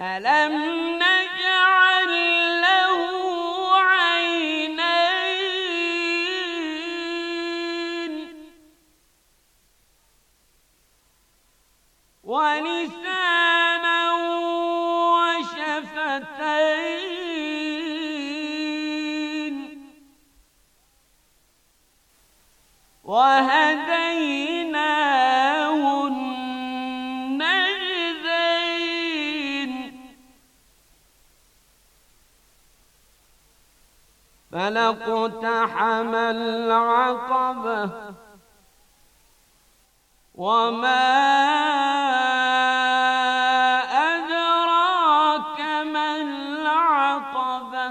ألم اقتحم العقبة وما أدراك ما العقبة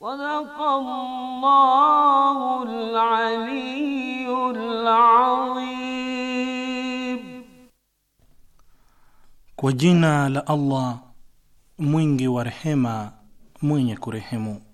صدق الله العلي العظيم Kwa لالله la mwingi wa rehema mwenye kurehemu.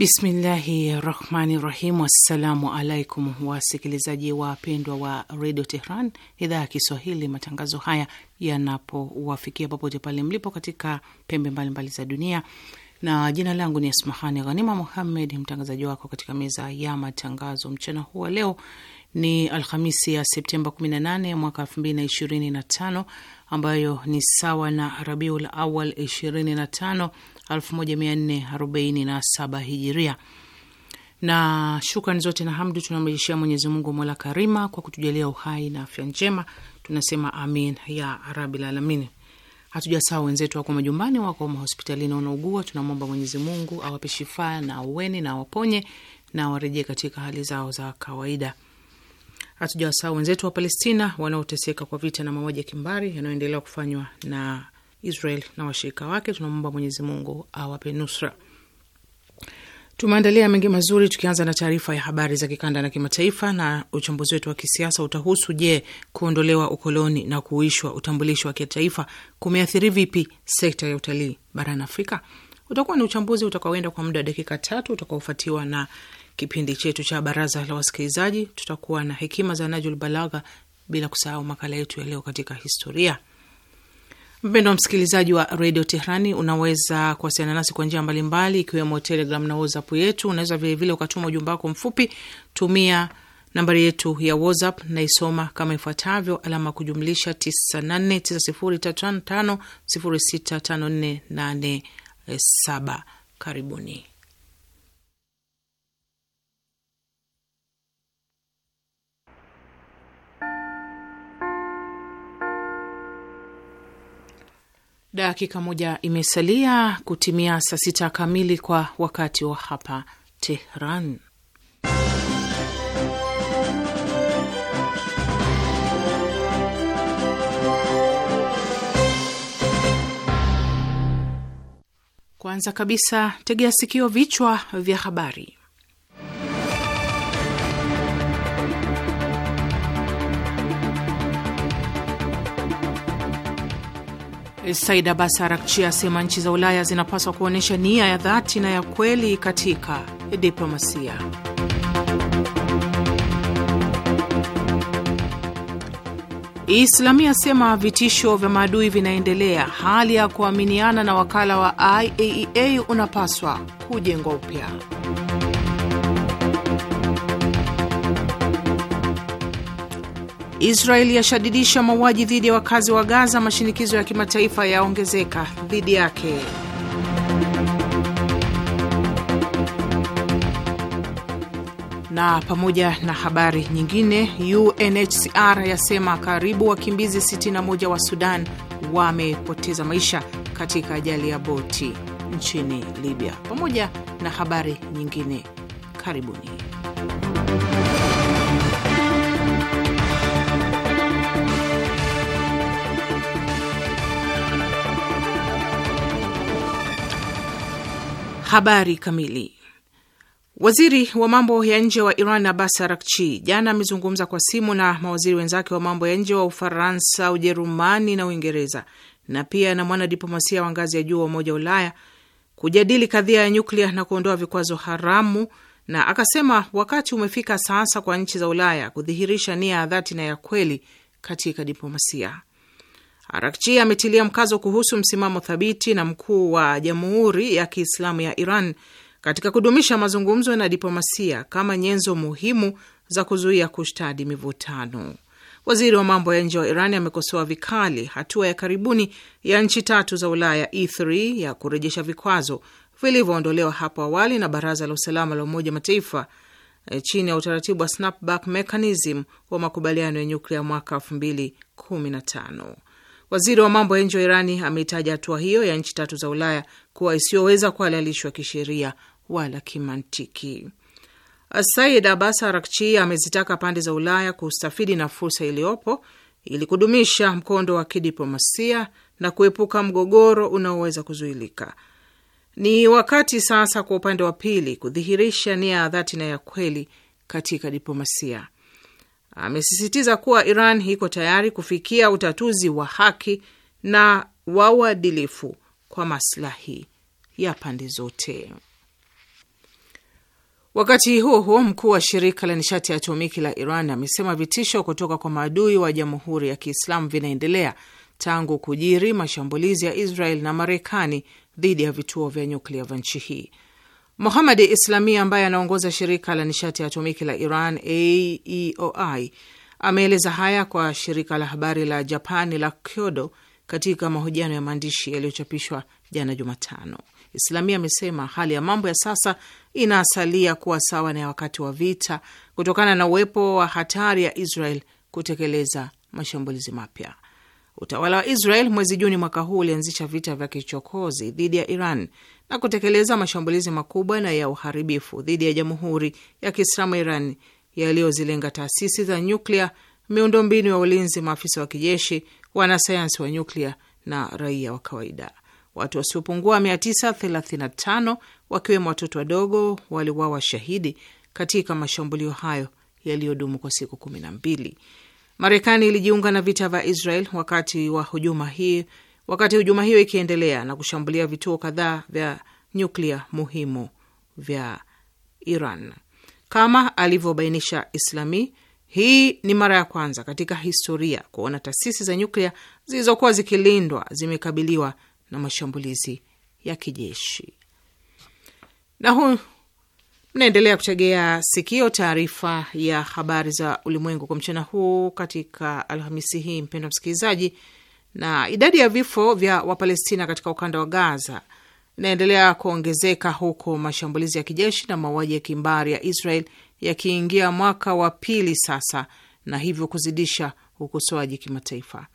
Bismillahi rahmani rahim. Assalamu alaikum wasikilizaji wapendwa wa redio Tehran, idhaa ya Kiswahili. Matangazo haya yanapowafikia popote pale mlipo katika pembe mbalimbali mbali za dunia, na jina langu ni Asmahani Ghanima Muhammed, mtangazaji wako katika meza ya matangazo mchana huu wa leo. Ni Alhamisi ya Septemba 18 mwaka 2025 ambayo ni sawa na Rabiul Awal 25 1447 hijiria. Na shukrani zote na hamdu tunamrejeshea Mwenyezi Mungu mola karima kwa kutujalia uhai na afya njema, tunasema amin ya rabil alamin. Hatujasaa wenzetu wako majumbani, wako mahospitalini, wanaugua. Tunamwomba Mwenyezi Mungu awape shifaa na auweni na awaponye na warejee katika hali zao za kawaida. Hatujawasaa wenzetu wa Palestina wanaoteseka kwa vita na mauaji ya kimbari yanayoendelea kufanywa na Israel na washirika wake. Tunamwomba Mwenyezi Mungu awape nusra. Tumeandalia mengi mazuri, tukianza na taarifa ya habari za kikanda na kimataifa, na uchambuzi wetu wa kisiasa utahusu: je, kuondolewa ukoloni na kuishwa utambulisho wa kitaifa kumeathiri vipi sekta ya utalii barani Afrika? Utakuwa ni uchambuzi utakaoenda kwa muda wa dakika tatu utakaofuatiwa na kipindi chetu cha baraza la wasikilizaji. Tutakuwa na hekima za Najul Balagha, bila kusahau makala yetu ya leo katika historia. Mpendo wa msikilizaji wa redio Tehrani, unaweza kuwasiliana nasi kwa njia mbalimbali, ikiwemo Telegram na WhatsApp yetu. Unaweza vilevile ukatuma ujumbe wako mfupi, tumia nambari yetu ya WhatsApp naisoma kama ifuatavyo: alama kujumlisha 989035065487. Karibuni. Dakika moja imesalia kutimia saa sita kamili kwa wakati wa hapa Tehran. Kwanza kabisa, tegea sikio vichwa vya habari. Said Abbas Arakchi asema nchi za Ulaya zinapaswa kuonyesha nia ya dhati na ya kweli katika diplomasia. Islamia asema vitisho vya maadui vinaendelea, hali ya kuaminiana na wakala wa IAEA e unapaswa kujengwa upya. Israeli yashadidisha mauaji dhidi ya wakazi wa Gaza, mashinikizo ya kimataifa yaongezeka dhidi yake. Na pamoja na habari nyingine, UNHCR yasema karibu wakimbizi 61 wa Sudan wamepoteza maisha katika ajali ya boti nchini Libya. Pamoja na habari nyingine, karibuni. Habari kamili. Waziri wa mambo ya nje wa Iran Abbas Arakchi jana amezungumza kwa simu na mawaziri wenzake wa mambo ya nje wa Ufaransa, Ujerumani na Uingereza na pia na mwanadiplomasia wa ngazi ya juu wa Umoja wa Ulaya kujadili kadhia ya nyuklia na kuondoa vikwazo haramu, na akasema wakati umefika sasa kwa nchi za Ulaya kudhihirisha nia ya dhati na ya kweli katika diplomasia. Arakchi ametilia mkazo kuhusu msimamo thabiti na mkuu wa Jamhuri ya Kiislamu ya Iran katika kudumisha mazungumzo na diplomasia kama nyenzo muhimu za kuzuia kushtadi mivutano. Waziri wa mambo ya nje wa Iran amekosoa vikali hatua ya karibuni ya nchi tatu za Ulaya E3 ya kurejesha vikwazo vilivyoondolewa hapo awali na Baraza la Usalama la Umoja Mataifa e, chini ya utaratibu wa snapback mechanism wa makubaliano ya nyuklia mwaka 215 Waziri wa mambo ya nje wa Irani ameitaja hatua hiyo ya nchi tatu za Ulaya kuwa isiyoweza kuhalalishwa kisheria wala kimantiki. Said Abbas Arakchi amezitaka pande za Ulaya kustafidi na fursa iliyopo ili kudumisha mkondo wa kidiplomasia na kuepuka mgogoro unaoweza kuzuilika. Ni wakati sasa kwa upande wa pili kudhihirisha nia ya dhati na ya kweli katika diplomasia amesisitiza kuwa Iran iko tayari kufikia utatuzi wa haki na wa uadilifu kwa maslahi ya pande zote. Wakati huo huo, mkuu wa shirika la nishati ya atomiki la Iran amesema vitisho kutoka kwa maadui wa jamhuri ya Kiislamu vinaendelea tangu kujiri mashambulizi ya Israel na Marekani dhidi ya vituo vya nyuklia vya nchi hii. Mohamadi Islami ambaye anaongoza shirika la nishati ya atomiki la Iran AEOI ameeleza haya kwa shirika la habari la Japani la Kyodo katika mahojiano ya maandishi yaliyochapishwa jana Jumatano. Islamia amesema hali ya mambo ya sasa inasalia kuwa sawa na ya wakati wa vita kutokana na uwepo wa hatari ya Israel kutekeleza mashambulizi mapya. Utawala wa Israel mwezi Juni mwaka huu ulianzisha vita vya kichokozi dhidi ya Iran na kutekeleza mashambulizi makubwa na ya uharibifu dhidi ya Jamhuri ya Kiislamu Iran yaliyozilenga taasisi za nyuklia, miundombinu ya ulinzi, maafisa wa kijeshi, wanasayansi wa nyuklia na raia wa kawaida. Watu wasiopungua 935 wakiwemo watoto wadogo waliwawa shahidi katika mashambulio hayo yaliyodumu kwa siku 12. Marekani ilijiunga na vita vya Israel wakati wa hujuma hii wakati hujuma hiyo ikiendelea na kushambulia vituo kadhaa vya nyuklia muhimu vya Iran. Kama alivyobainisha Islami, hii ni mara ya kwanza katika historia kuona taasisi za nyuklia zilizokuwa zikilindwa zimekabiliwa na mashambulizi ya kijeshi. Na huu mnaendelea kutegea sikio taarifa ya habari za ulimwengu kwa mchana huu katika Alhamisi hii, mpendwa msikilizaji na idadi ya vifo vya Wapalestina katika ukanda wa Gaza inaendelea kuongezeka huku mashambulizi ya kijeshi na mauaji ya kimbari ya Israel yakiingia mwaka wa pili sasa, na hivyo kuzidisha ukosoaji kimataifa.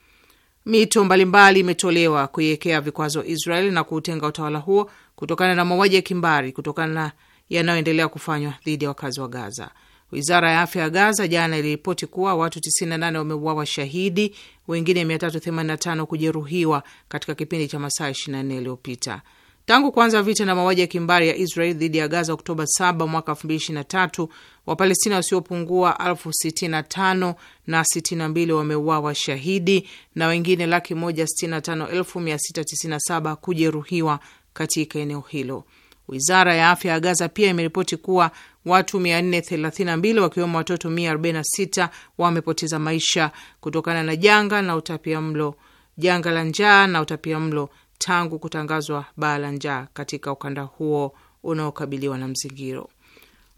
Mito mbalimbali imetolewa kuiwekea vikwazo Israel na kuutenga utawala huo kutokana na mauaji ya kimbari kutokana na yanayoendelea kufanywa dhidi ya wakazi wa Gaza. Wizara ya afya ya Gaza jana iliripoti kuwa watu 98 wameuawa shahidi, wengine 385 kujeruhiwa katika kipindi cha masaa 24 yaliyopita tangu kuanza vita na mauaji ya kimbari ya Israel dhidi ya Gaza Oktoba 7 mwaka 2023. Wapalestina wasiopungua 65 na 62 wameuawa shahidi na wengine laki 165 697 kujeruhiwa katika eneo hilo. Wizara ya afya ya Gaza pia imeripoti kuwa watu 432 wakiwemo watoto 146 wamepoteza maisha kutokana na janga na utapia mlo, janga la njaa na utapia mlo tangu kutangazwa baa la njaa katika ukanda huo unaokabiliwa na mzingiro.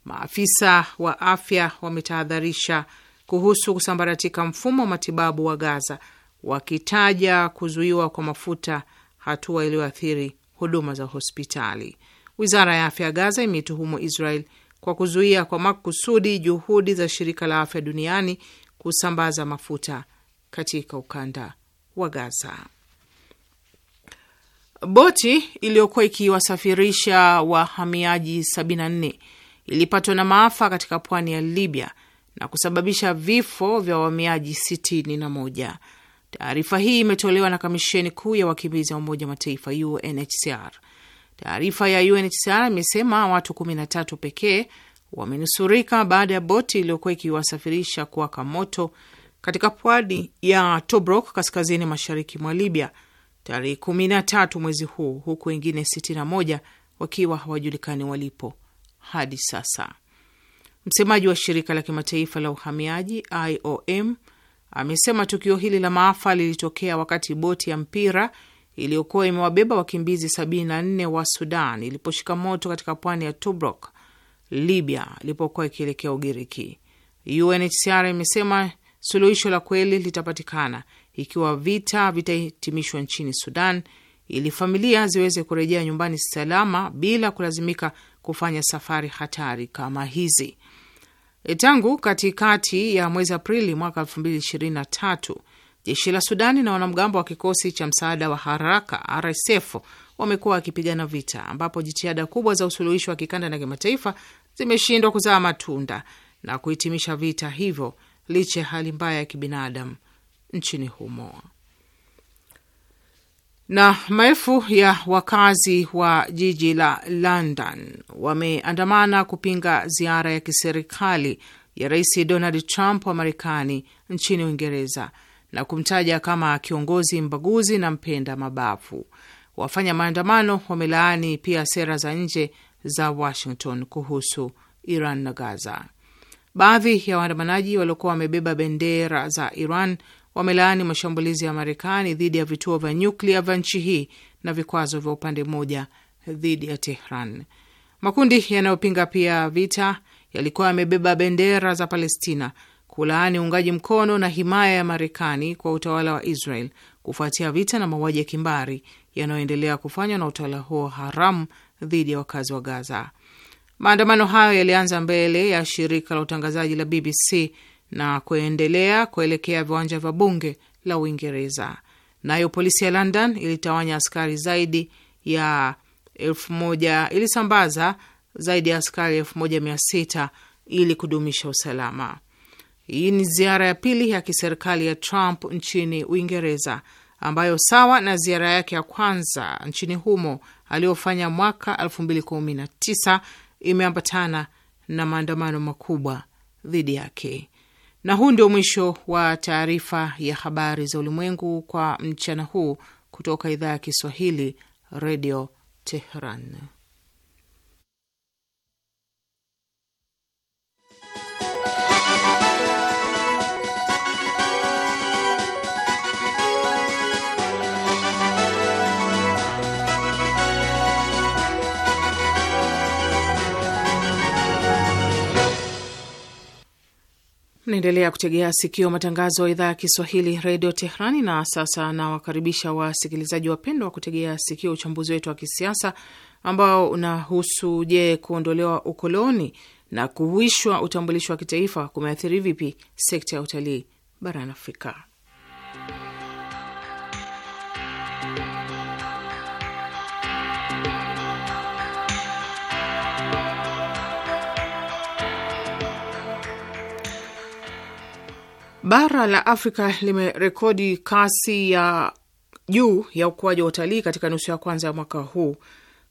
Maafisa wa afya wametahadharisha kuhusu kusambaratika mfumo wa matibabu wa Gaza, wakitaja kuzuiwa kwa mafuta, hatua iliyoathiri huduma za hospitali. Wizara ya afya ya Gaza imeituhumu Israel kwa kuzuia kwa makusudi juhudi za shirika la afya duniani kusambaza mafuta katika ukanda wa Gaza. Boti iliyokuwa ikiwasafirisha wahamiaji 74 ilipatwa na maafa katika pwani ya Libya na kusababisha vifo vya wahamiaji 61. Taarifa hii imetolewa na kamisheni kuu ya wakimbizi wa Umoja wa Mataifa, UNHCR. Taarifa ya UNHCR imesema watu 13 pekee wamenusurika baada ya boti iliyokuwa ikiwasafirisha kuwaka moto katika pwani ya Tobruk kaskazini mashariki mwa Libya tarehe 13 mwezi huu, huku wengine 61 wakiwa hawajulikani walipo hadi sasa. Msemaji wa shirika la kimataifa la uhamiaji IOM amesema tukio hili la maafa lilitokea wakati boti ya mpira iliyokuwa imewabeba wakimbizi 74 wa Sudan iliposhika moto katika pwani ya Tobruk, Libya, ilipokuwa ikielekea Ugiriki. UNHCR imesema suluhisho la kweli litapatikana ikiwa vita vitahitimishwa nchini Sudan ili familia ziweze kurejea nyumbani salama bila kulazimika kufanya safari hatari kama hizi. Tangu katikati ya mwezi Aprili mwaka Jeshi la Sudani na wanamgambo wa kikosi cha msaada wa haraka RSF wamekuwa wakipigana vita ambapo jitihada kubwa za usuluhishi wa kikanda na kimataifa zimeshindwa kuzaa matunda na kuhitimisha vita hivyo licha ya hali mbaya ya kibinadamu nchini humo. Na maelfu ya wakazi wa jiji la London wameandamana kupinga ziara ya kiserikali ya Rais Donald Trump wa Marekani nchini Uingereza na kumtaja kama kiongozi mbaguzi na mpenda mabavu. Wafanya maandamano wamelaani pia sera za nje za Washington kuhusu Iran na Gaza. Baadhi ya waandamanaji waliokuwa wamebeba bendera za Iran wamelaani mashambulizi ya Marekani dhidi ya vituo vya nyuklia vya nchi hii na vikwazo vya upande mmoja dhidi ya Tehran. Makundi yanayopinga pia vita yalikuwa yamebeba bendera za Palestina kulaani uungaji mkono na himaya ya Marekani kwa utawala wa Israel kufuatia vita na mauaji ya kimbari yanayoendelea kufanywa na utawala huo haramu dhidi ya wakazi wa Gaza. Maandamano hayo yalianza mbele ya shirika la utangazaji la BBC na kuendelea kuelekea viwanja vya bunge la Uingereza. Nayo polisi ya London ilitawanya askari zaidi ya elfu moja, ilisambaza zaidi ya askari elfu moja mia sita ili kudumisha usalama. Hii ni ziara ya pili ya kiserikali ya Trump nchini Uingereza, ambayo sawa na ziara yake ya kwanza nchini humo aliyofanya mwaka 2019 imeambatana na maandamano makubwa dhidi yake. Na huu ndio mwisho wa taarifa ya habari za ulimwengu kwa mchana huu kutoka idhaa ya Kiswahili, Redio Teheran. Naendelea kutegea sikio matangazo ya idhaa ya Kiswahili redio Tehrani. Na sasa nawakaribisha wasikilizaji wapendwa wa kutegea sikio uchambuzi wetu wa kisiasa ambao unahusu je, kuondolewa ukoloni na kuhuishwa utambulisho wa kitaifa kumeathiri vipi sekta ya utalii barani Afrika. Bara la Afrika limerekodi kasi ya juu ya ukuaji wa utalii katika nusu ya kwanza ya mwaka huu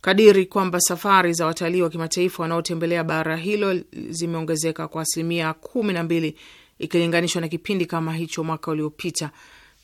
kadiri kwamba safari za watalii wa kimataifa wanaotembelea bara hilo zimeongezeka kwa asilimia kumi na mbili ikilinganishwa na kipindi kama hicho mwaka uliopita.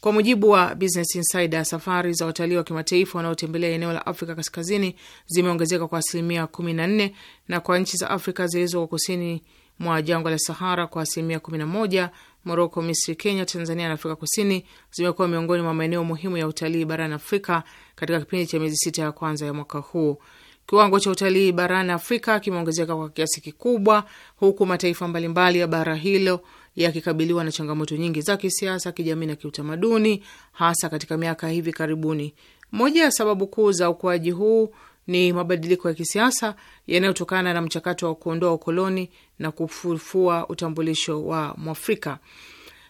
Kwa mujibu wa Business Insider, safari za watalii wa kimataifa wanaotembelea eneo la Afrika kaskazini zimeongezeka kwa asilimia kumi na nne na kwa nchi za Afrika zilizo kusini mwa jangwa la Sahara kwa asilimia 11. Moroko, Misri, Kenya, Tanzania na Afrika Kusini zimekuwa miongoni mwa maeneo muhimu ya utalii barani Afrika katika kipindi cha miezi sita ya kwanza ya mwaka huu. Kiwango cha utalii barani Afrika kimeongezeka kwa kiasi kikubwa, huku mataifa mbalimbali ya bara hilo yakikabiliwa na changamoto nyingi za kisiasa, kijamii na kiutamaduni, hasa katika miaka hivi karibuni. Moja ya sababu kuu za ukuaji huu ni mabadiliko ya kisiasa yanayotokana na mchakato wa kuondoa ukoloni na kufufua utambulisho wa Mwafrika.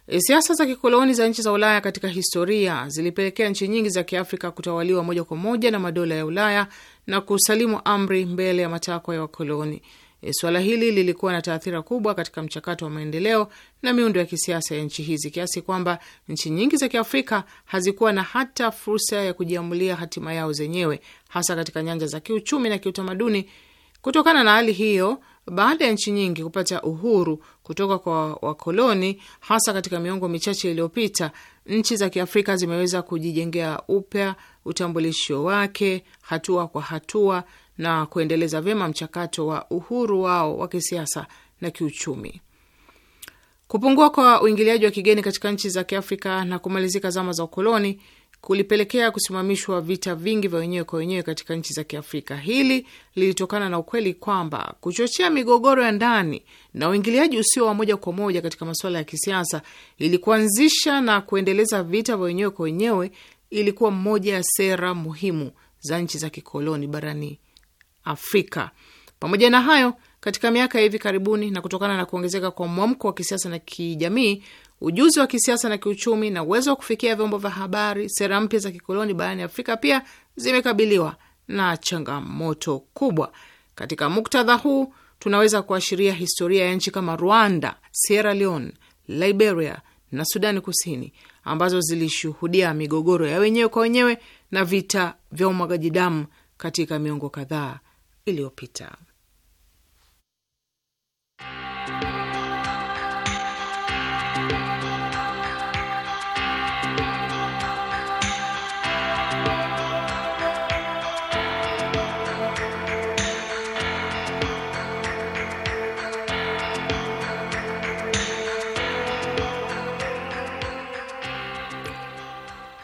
E, siasa za kikoloni za nchi za Ulaya katika historia zilipelekea nchi nyingi za Kiafrika kutawaliwa moja kwa moja na madola ya Ulaya na kusalimu amri mbele ya matakwa ya wakoloni. E, Suala hili lilikuwa na taathira kubwa katika mchakato wa maendeleo na miundo ya kisiasa ya nchi hizi kiasi kwamba nchi nyingi za Kiafrika hazikuwa na hata fursa ya kujiamulia hatima yao zenyewe hasa katika nyanja za kiuchumi na kiutamaduni. Kutokana na hali hiyo, baada ya nchi nyingi kupata uhuru kutoka kwa wakoloni, hasa katika miongo michache iliyopita, nchi za Kiafrika zimeweza kujijengea upya utambulisho wake hatua kwa hatua na kuendeleza vyema mchakato wa uhuru wao wa kisiasa na kiuchumi. Kupungua kwa uingiliaji wa kigeni katika nchi za Kiafrika na kumalizika zama za ukoloni kulipelekea kusimamishwa vita vingi vya wenyewe kwa wenyewe katika nchi za Kiafrika. Hili lilitokana na ukweli kwamba kuchochea migogoro ya ndani na uingiliaji usio wa moja kwa moja katika masuala ya kisiasa ili kuanzisha na kuendeleza vita vya wenyewe kwa wenyewe ilikuwa mmoja ya sera muhimu za nchi za kikoloni barani Afrika. Pamoja na hayo, katika miaka ya hivi karibuni na kutokana na kuongezeka kwa mwamko wa kisiasa na kijamii ujuzi wa kisiasa na kiuchumi, na uwezo wa kufikia vyombo vya habari, sera mpya za kikoloni barani Afrika pia zimekabiliwa na changamoto kubwa. Katika muktadha huu, tunaweza kuashiria historia ya nchi kama Rwanda, Sierra Leone, Liberia na Sudani Kusini ambazo zilishuhudia migogoro ya wenyewe kwa wenyewe na vita vya umwagaji damu katika miongo kadhaa iliyopita.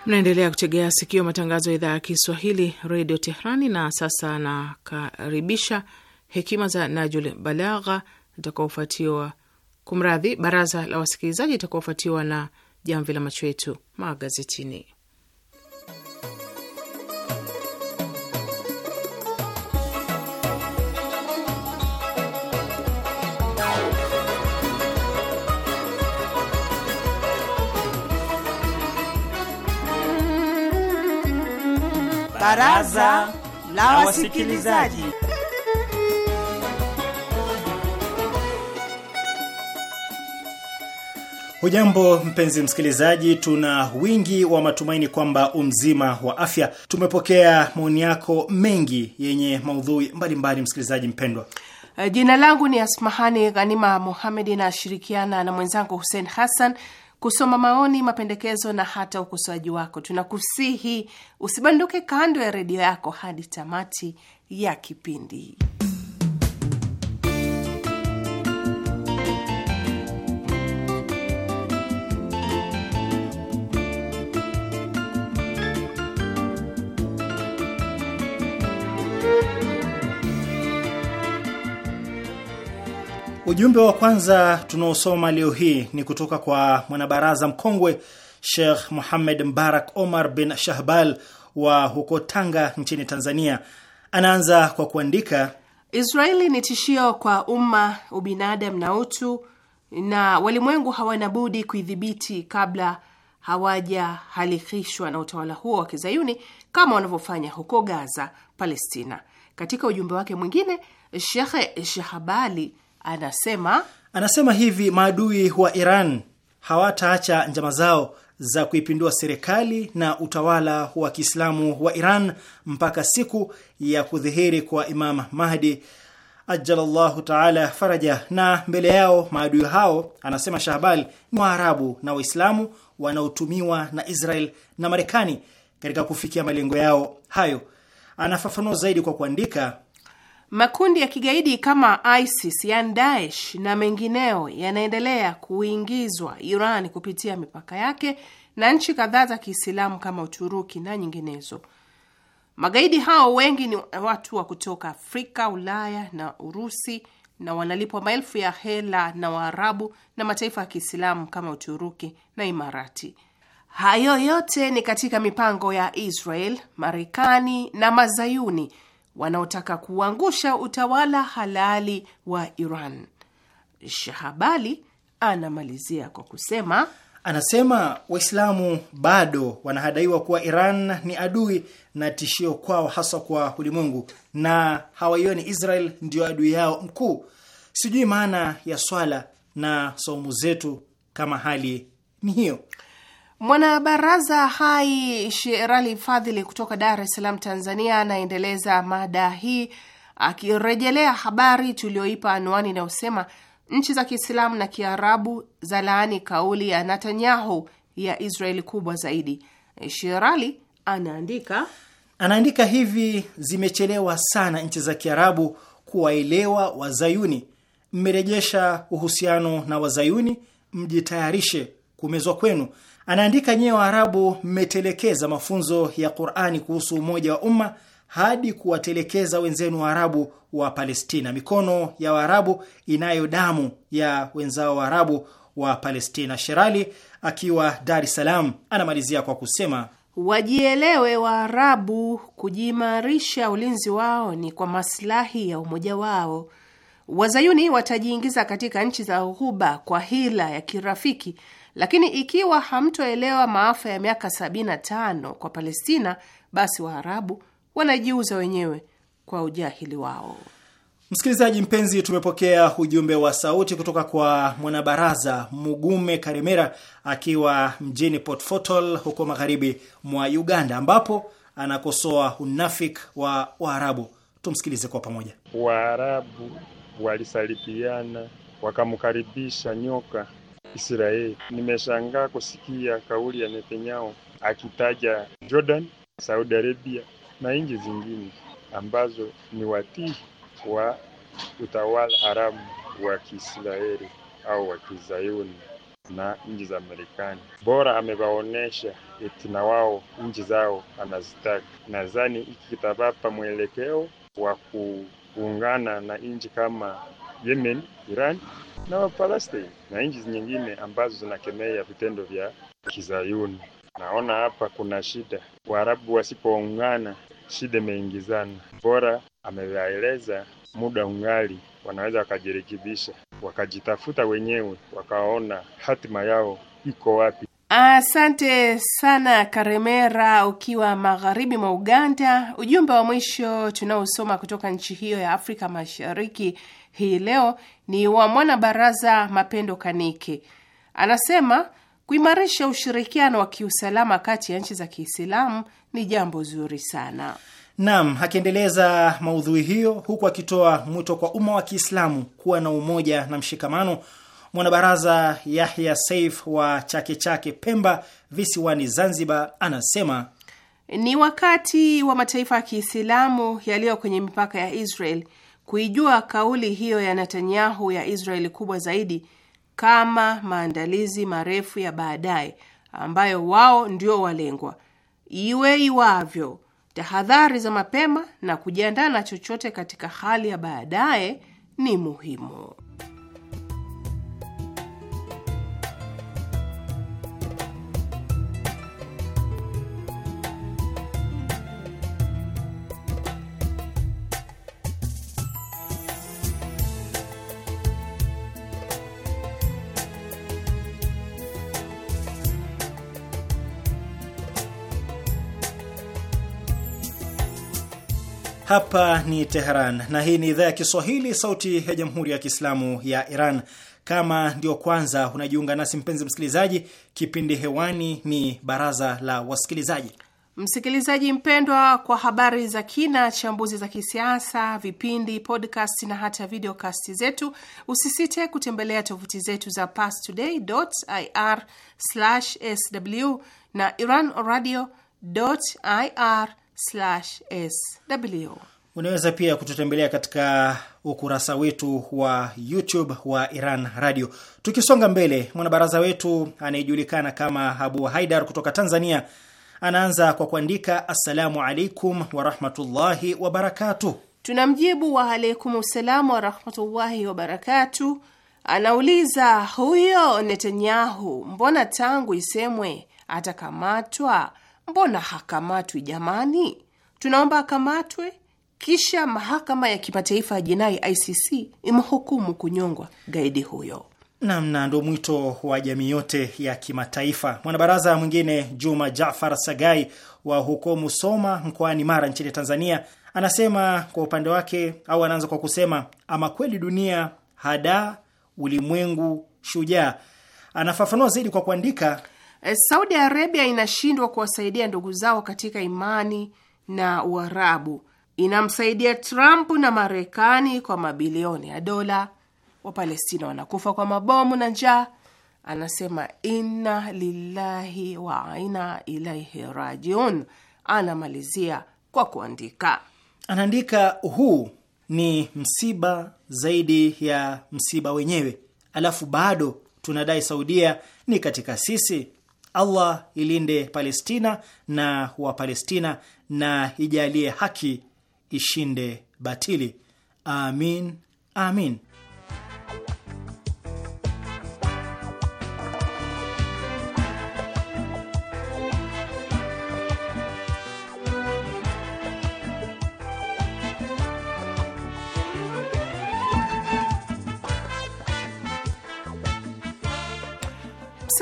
Mnaendelea kutegea sikio matangazo ya idhaa ya Kiswahili redio Tehrani. Na sasa nakaribisha hekima za Najul Balagha itakaofuatiwa kumradhi, baraza la wasikilizaji itakaofuatiwa na jamvi la macho yetu magazetini. Baraza la Wasikilizaji. Hujambo mpenzi msikilizaji, tuna wingi wa matumaini kwamba umzima wa afya. Tumepokea maoni yako mengi yenye maudhui mbalimbali mbali, msikilizaji mpendwa. Eh, jina langu ni Asmahani Ghanima Muhamedi, nashirikiana na mwenzangu Hussein Hassan kusoma maoni, mapendekezo na hata ukosoaji wako. Tunakusihi usibanduke kando ya redio yako hadi tamati ya kipindi. Ujumbe wa kwanza tunaosoma leo hii ni kutoka kwa mwanabaraza mkongwe Sheikh Muhammad Mbarak Omar bin Shahbal wa huko Tanga nchini Tanzania. Anaanza kwa kuandika, Israeli ni tishio kwa umma, ubinadam na utu, na walimwengu hawana budi kuidhibiti kabla hawajahalikishwa na utawala huo wa kizayuni kama wanavyofanya huko Gaza, Palestina. Katika ujumbe wake mwingine, Shekhe Shahabali anasema anasema hivi, maadui wa Iran hawataacha njama zao za kuipindua serikali na utawala wa Kiislamu wa Iran mpaka siku ya kudhihiri kwa Imam Mahdi ajalallahu taala faraja. Na mbele yao maadui hao, anasema Shahbal, ni Waarabu na Waislamu wanaotumiwa na Israel na Marekani katika kufikia malengo yao hayo. Anafafanua zaidi kwa kuandika Makundi ya kigaidi kama ISIS yani Daesh na mengineo yanaendelea kuingizwa Iran kupitia mipaka yake na nchi kadhaa za Kiislamu kama Uturuki na nyinginezo. Magaidi hao wengi ni watu wa kutoka Afrika, Ulaya na Urusi na wanalipwa maelfu ya hela na Waarabu na mataifa ya Kiislamu kama Uturuki na Imarati. Hayo yote ni katika mipango ya Israel, Marekani na Mazayuni wanaotaka kuangusha utawala halali wa Iran. Shahabali anamalizia kwa kusema, anasema Waislamu bado wanahadaiwa kuwa Iran ni adui na tishio kwao, haswa kwa ulimwengu, na hawaioni Israel ndiyo adui yao mkuu. Sijui maana ya swala na saumu zetu kama hali ni hiyo. Mwanabaraza hai Sherali Fadhili kutoka Dar es Salaam, Tanzania, anaendeleza mada hii akirejelea habari tuliyoipa anwani inayosema nchi za Kiislamu na Kiarabu za laani kauli ya Netanyahu ya Israeli kubwa zaidi. Sherali anaandika anaandika hivi: zimechelewa sana nchi za Kiarabu kuwaelewa Wazayuni. Mmerejesha uhusiano na Wazayuni, mjitayarishe kumezwa kwenu. Anaandika, nyewe Waarabu mmetelekeza mafunzo ya Qur'ani kuhusu umoja wa umma hadi kuwatelekeza wenzenu Waarabu wa Palestina. Mikono ya Waarabu inayo damu ya wenzao Waarabu wa Palestina. Sherali akiwa Dar es Salaam anamalizia kwa kusema wajielewe Waarabu, kujiimarisha ulinzi wao ni kwa masilahi ya umoja wao. Wazayuni watajiingiza katika nchi za Ghuba kwa hila ya kirafiki lakini ikiwa hamtoelewa maafa ya miaka 75 kwa Palestina, basi Waarabu wanajiuza wenyewe kwa ujahili wao. Msikilizaji mpenzi, tumepokea ujumbe wa sauti kutoka kwa mwanabaraza Mugume Karemera akiwa mjini Port huko magharibi mwa Uganda, ambapo anakosoa unafiki wa Waarabu. Tumsikilize kwa pamoja. Waarabu walisalipiana, wakamkaribisha nyoka Israeli. Nimeshangaa kusikia kauli ya Netanyahu akitaja Jordan, Saudi Arabia na nchi zingine ambazo ni watii wa utawala haramu wa Kiisraeli au wa Kizayuni na nchi za Marekani. Bora amewaonesha eti na wao nchi zao anazitaka. Nadhani hiki kitawapa mwelekeo wa kuungana na nchi kama Yemen, Iran na Palestine na nchi nyingine ambazo zinakemea vitendo vya kizayuni. Naona hapa kuna shida, Waarabu wasipoungana shida imeingizana. Bora amewaeleza muda ungali, wanaweza wakajirekebisha, wakajitafuta wenyewe, wakaona hatima yao iko wapi. Asante sana Karemera, ukiwa magharibi mwa Uganda. Ujumbe wa mwisho tunaosoma kutoka nchi hiyo ya Afrika Mashariki hii leo ni wa mwanabaraza Mapendo Kanike. Anasema kuimarisha ushirikiano wa kiusalama kati ya nchi za Kiislamu ni jambo zuri sana. Naam, akiendeleza maudhui hiyo huku akitoa mwito kwa umma wa Kiislamu kuwa na umoja na mshikamano, mwanabaraza Yahya Saif wa Chake Chake, Pemba visiwani Zanzibar, anasema ni wakati wa mataifa ya Kiislamu yaliyo kwenye mipaka ya Israel kuijua kauli hiyo ya Netanyahu ya Israeli kubwa zaidi kama maandalizi marefu ya baadaye ambayo wao ndio walengwa. Iwe iwavyo, tahadhari za mapema na kujiandaa na chochote katika hali ya baadaye ni muhimu. Hapa ni Teheran na hii ni idhaa ya Kiswahili, sauti ya jamhuri ya kiislamu ya Iran. Kama ndio kwanza unajiunga nasi, mpenzi msikilizaji, kipindi hewani ni baraza la wasikilizaji. Msikilizaji mpendwa, kwa habari za kina, chambuzi za kisiasa, vipindi, podcast na hata videocast zetu, usisite kutembelea tovuti zetu za pastoday.ir/sw na iranradio.ir sw. Unaweza pia kututembelea katika ukurasa wetu wa YouTube wa Iran Radio. Tukisonga mbele, mwanabaraza wetu anayejulikana kama Abu Haidar kutoka Tanzania anaanza kwa kuandika assalamu alaikum warahmatullahi wabarakatu. Tunamjibu wa alaikum salamu warahmatullahi wabarakatu. Anauliza, huyo Netanyahu mbona tangu isemwe atakamatwa mbona hakamatwi jamani? Tunaomba akamatwe, kisha mahakama ya kimataifa ya jinai ICC imehukumu kunyongwa gaidi huyo. Namna ndo mwito wa jamii yote ya kimataifa. Mwanabaraza mwingine Juma Jafar Sagai wa huko Musoma mkoani Mara nchini Tanzania anasema kwa upande wake, au anaanza kwa kusema ama kweli dunia hadaa, ulimwengu shujaa. Anafafanua zaidi kwa kuandika Eh, Saudi Arabia inashindwa kuwasaidia ndugu zao katika imani na Uarabu, inamsaidia Trump na Marekani kwa mabilioni ya dola. Wapalestina wanakufa kwa mabomu na njaa. Anasema inna lillahi wa aina ilaihi rajiun. Anamalizia kwa kuandika, anaandika huu ni msiba zaidi ya msiba wenyewe, alafu bado tunadai Saudia ni katika sisi. Allah ilinde Palestina na wa palestina na ijalie haki ishinde batili. Amin, amin.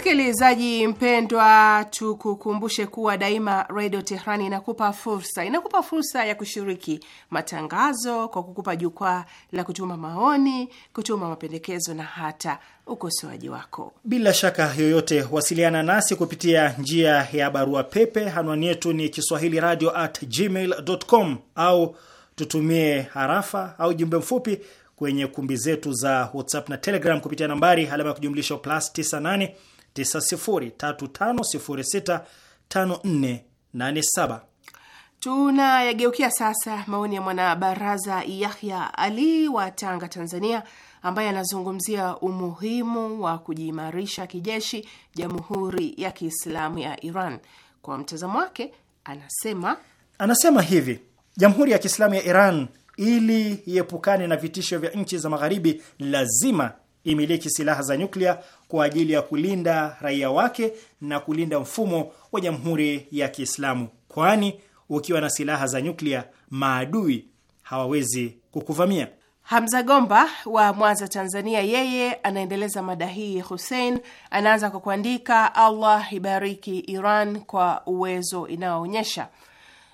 Msikilizaji mpendwa, tukukumbushe kuwa daima Redio Tehrani inakupa fursa, inakupa fursa ya kushiriki matangazo kwa kukupa jukwaa la kutuma maoni, kutuma mapendekezo na hata ukosoaji wako. Bila shaka yoyote, wasiliana nasi kupitia njia ya barua pepe. Anwani yetu ni kiswahili radio at gmail com, au tutumie harafa au jumbe mfupi kwenye kumbi zetu za WhatsApp na Telegram kupitia nambari alama ya kujumlisha plus 98 9035065487. Tunayageukia sasa maoni ya mwanabaraza Yahya Ali wa Tanga, Tanzania, ambaye anazungumzia umuhimu wa kujiimarisha kijeshi Jamhuri ya Kiislamu ya Iran. Kwa mtazamo wake, anasema anasema hivi: Jamhuri ya Kiislamu ya Iran ili iepukane na vitisho vya nchi za Magharibi lazima imiliki silaha za nyuklia kwa ajili ya kulinda raia wake na kulinda mfumo wa Jamhuri ya Kiislamu, kwani ukiwa na silaha za nyuklia maadui hawawezi kukuvamia. Hamza Gomba wa Mwanza, Tanzania, yeye anaendeleza mada hii. Hussein anaanza kwa kuandika, Allah ibariki Iran kwa uwezo inayoonyesha.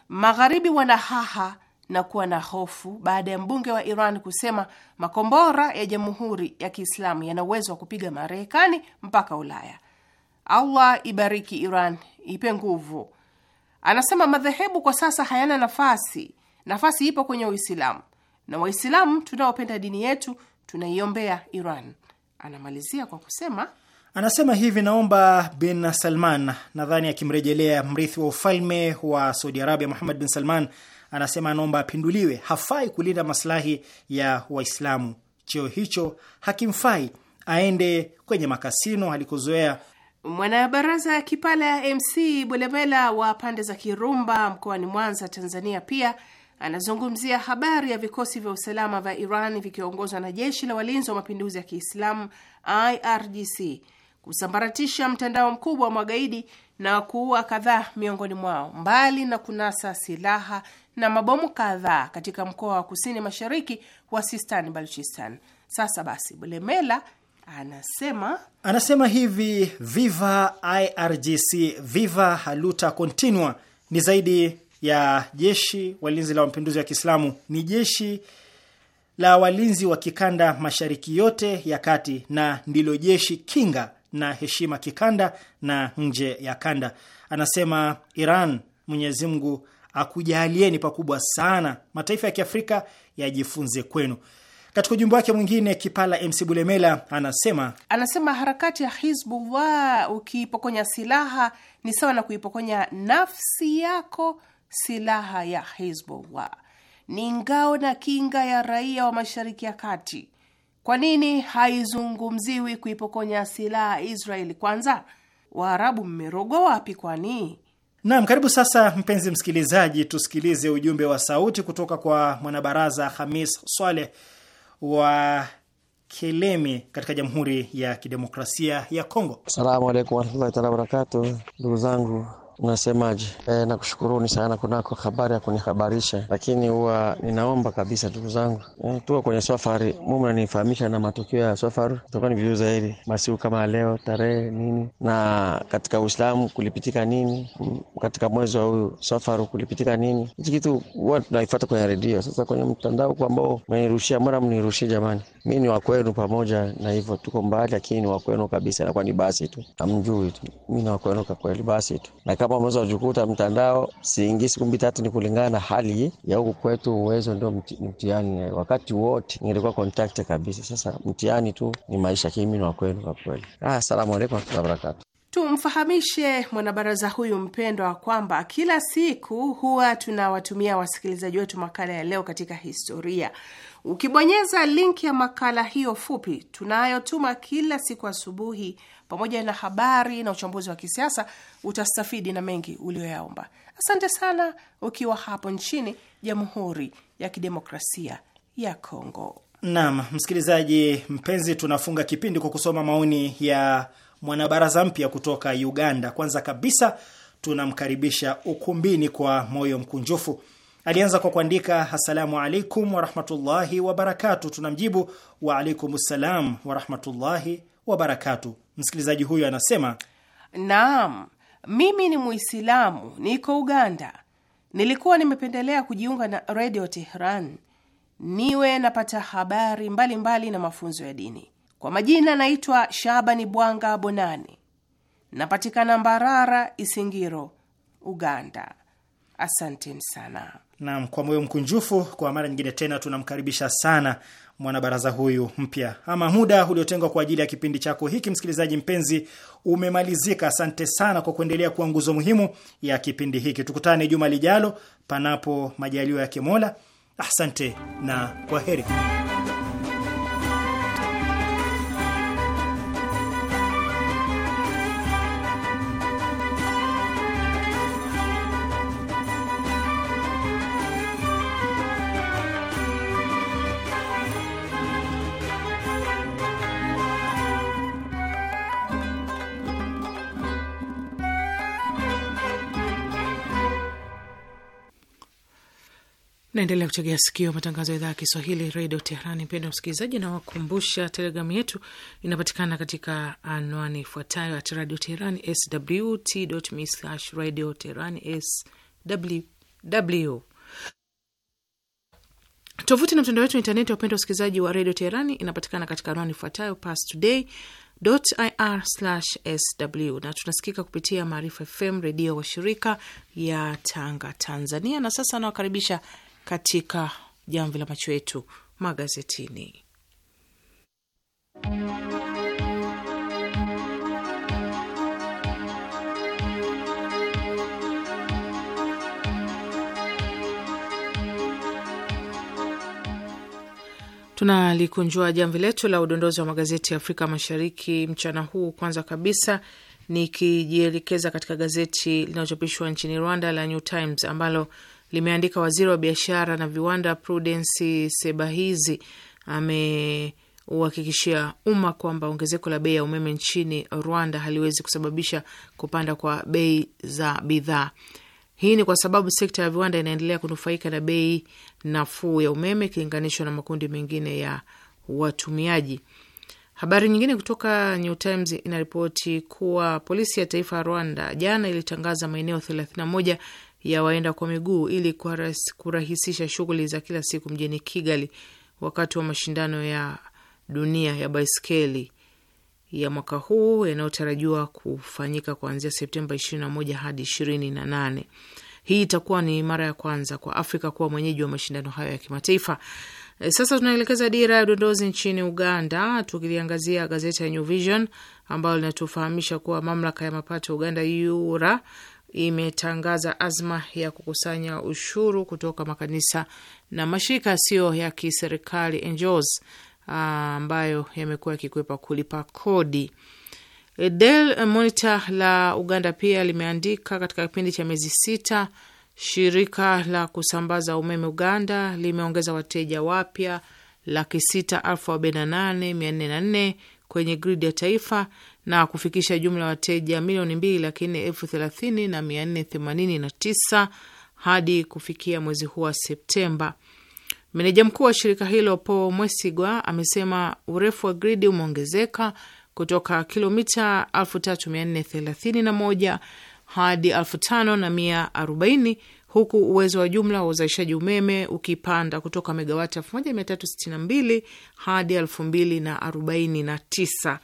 Magharibi wanahaha na kuwa na hofu baada ya mbunge wa Iran kusema makombora ya Jamhuri ya Kiislamu yana uwezo wa kupiga Marekani mpaka Ulaya. Allah ibariki Iran, ipe nguvu. Anasema madhehebu kwa sasa hayana nafasi, nafasi ipo kwenye Uislamu na Waislamu tunaopenda dini yetu tunaiombea Iran. Anamalizia kwa kusema anasema hivi, naomba bin Salman, nadhani akimrejelea mrithi wa ufalme wa Saudi Arabia Muhammad bin Salman anasema anaomba apinduliwe, hafai kulinda maslahi ya Waislamu, cheo hicho hakimfai, aende kwenye makasino alikozoea. Mwanabaraza ya Kipala MC Bulemela wa pande za Kirumba mkoani Mwanza, Tanzania, pia anazungumzia habari ya vikosi vya usalama vya Iran vikiongozwa na jeshi la walinzi wa mapinduzi ya Kiislamu IRGC kusambaratisha mtandao mkubwa wa magaidi na kuua kadhaa miongoni mwao, mbali na kunasa silaha na mabomu kadhaa katika mkoa wa kusini mashariki wa Sistan Baluchistan. Sasa basi, Bulemela anasema anasema hivi: viva IRGC, viva haluta continua. Ni zaidi ya jeshi walinzi la mapinduzi wa Kiislamu, ni jeshi la walinzi wa kikanda mashariki yote ya kati, na ndilo jeshi kinga na heshima kikanda na nje ya kanda. Anasema Iran, Mwenyezi Mungu akujalieni pakubwa sana. Mataifa ya Kiafrika yajifunze kwenu. Katika ujumbe wake mwingine Kipala MC Bulemela anasema anasema harakati ya Hizbullah ukiipokonya silaha ni sawa na kuipokonya nafsi yako silaha ya Hizbullah ni ngao na kinga ya raia wa Mashariki ya Kati. Kwa nini haizungumziwi kuipokonya silaha Israeli kwanza? Waarabu mmerogo wapi? Kwani Naam, karibu sasa mpenzi msikilizaji, tusikilize ujumbe wa sauti kutoka kwa mwanabaraza Hamis Swaleh wa Kelemi katika Jamhuri ya Kidemokrasia ya Kongo. Asalamu alaikum warahmatullahi taala wabarakatu, ndugu zangu Unasemaje? E, eh, nakushukuruni sana kunako habari ya kunihabarisha, lakini huwa ninaomba kabisa ndugu zangu e, eh, tuko kwenye safari, mume mnanifahamisha na matukio ya safari, tutakuwa ni vizuri zaidi masiku kama leo tarehe nini, na katika Uislamu kulipitika nini, katika mwezi wa huyu safari kulipitika nini. Hichi kitu huwa tunaifuata kwenye redio. Sasa kwenye mtandao kwa ambao mnirushia, mbona mnirushie jamani? Mi ni wakwenu pamoja na hivyo, tuko mbali, lakini ni wakwenu kabisa, na kwani basi tu, amjui tu, mi ni wakwenu kwa kweli, basi tu na kama unaweza kujukuta mtandao siingi siku mbili tatu, ni kulingana na hali ya huku kwetu. Uwezo ndio mti, mtihani wakati wote nilikuwa contact kabisa. Sasa mtihani tu ni maisha kimi na kwa kweli. Ah, asalamu alaykum warahmatullahi wabarakatu. Tumfahamishe mwanabaraza huyu mpendwa kwamba kila siku huwa tunawatumia wasikilizaji wetu makala ya leo katika historia. Ukibonyeza link ya makala hiyo fupi tunayotuma kila siku asubuhi pamoja na habari na uchambuzi wa kisiasa utastafidi na mengi ulioyaomba. Asante sana ukiwa hapo nchini Jamhuri ya Kidemokrasia ya Kongo. Naam, msikilizaji mpenzi, tunafunga kipindi kwa kusoma maoni ya mwanabaraza mpya kutoka Uganda. Kwanza kabisa tunamkaribisha ukumbini kwa moyo mkunjufu. Alianza kwa kuandika assalamu alaikum warahmatullahi wabarakatu. Tunamjibu waalaikum ssalam warahmatullahi wabarakatu. Msikilizaji huyu anasema, naam, mimi ni Muislamu, niko Uganda. Nilikuwa nimependelea kujiunga na redio Tehran niwe napata habari mbalimbali mbali na mafunzo ya dini. Kwa majina naitwa Shabani Bwanga Bonani, napatikana Mbarara, Isingiro, Uganda. Asanteni sana. Naam, kwa moyo mkunjufu, kwa mara nyingine tena tunamkaribisha sana mwanabaraza huyu mpya. Ama muda uliotengwa kwa ajili ya kipindi chako hiki, msikilizaji mpenzi, umemalizika. Asante sana kwa kuendelea kuwa nguzo muhimu ya kipindi hiki. Tukutane juma lijalo, panapo majaliwa ya Kimola. Asante na kwa heri. Unaendelea kuchegea sikio matangazo ya idhaa ya Kiswahili redio Teherani. Mpendwa msikilizaji, nawakumbusha telegramu yetu inapatikana katika anwani ifuatayo at radio teherani swt.me radio teherani sw. Tovuti na mtandao wetu wa intaneti, wapendwa wasikilizaji wa redio Teherani, inapatikana katika anwani ifuatayo pastoday ir/sw na tunasikika kupitia Maarifa FM redio wa shirika ya Tanga, Tanzania. Na sasa anawakaribisha katika jamvi la macho yetu magazetini. Tunalikunjua jamvi letu la udondozi wa magazeti ya Afrika Mashariki mchana huu, kwanza kabisa nikijielekeza katika gazeti linalochapishwa nchini Rwanda la New Times ambalo limeandika waziri wa biashara na viwanda Prudence Sebahizi ameuhakikishia umma kwamba ongezeko la bei ya umeme nchini Rwanda haliwezi kusababisha kupanda kwa bei za bidhaa. Hii ni kwa sababu sekta ya viwanda inaendelea kunufaika na bei nafuu ya umeme ikilinganishwa na makundi mengine ya watumiaji. Habari nyingine kutoka New Times inaripoti kuwa polisi ya taifa ya Rwanda jana ilitangaza maeneo 31 ya waenda kwa miguu ili kurahisisha shughuli za kila siku mjini Kigali wakati wa mashindano ya dunia ya baiskeli ya mwaka huu yanayotarajiwa kufanyika kuanzia Septemba 21 hadi 28. Hii itakuwa ni mara ya kwanza kwa Afrika kuwa mwenyeji wa mashindano hayo ya kimataifa. Eh, sasa tunaelekeza dira ya udondozi nchini Uganda, tukiliangazia gazeti ya New Vision ambalo linatufahamisha kuwa mamlaka ya mapato Uganda, URA, imetangaza azma ya kukusanya ushuru kutoka makanisa na mashirika yasiyo ya kiserikali NGOs ah, ambayo yamekuwa yakikwepa kulipa kodi. Del Monitor la Uganda pia limeandika katika kipindi cha miezi sita, shirika la kusambaza umeme Uganda limeongeza wateja wapya laki sita elfu arobaini na nane mia nne na nne kwenye gridi ya taifa na kufikisha jumla wateja milioni mbili laki nne elfu thelathini na mia nne themanini na tisa hadi kufikia mwezi huu wa Septemba. Meneja mkuu wa shirika hilo Paul Mwesigwa amesema urefu wa gridi umeongezeka kutoka kilomita tatu mia nne thelathini na moja hadi tano na mia arobaini huku uwezo wa jumla wa uzalishaji umeme ukipanda kutoka megawati 1362 hadi 2049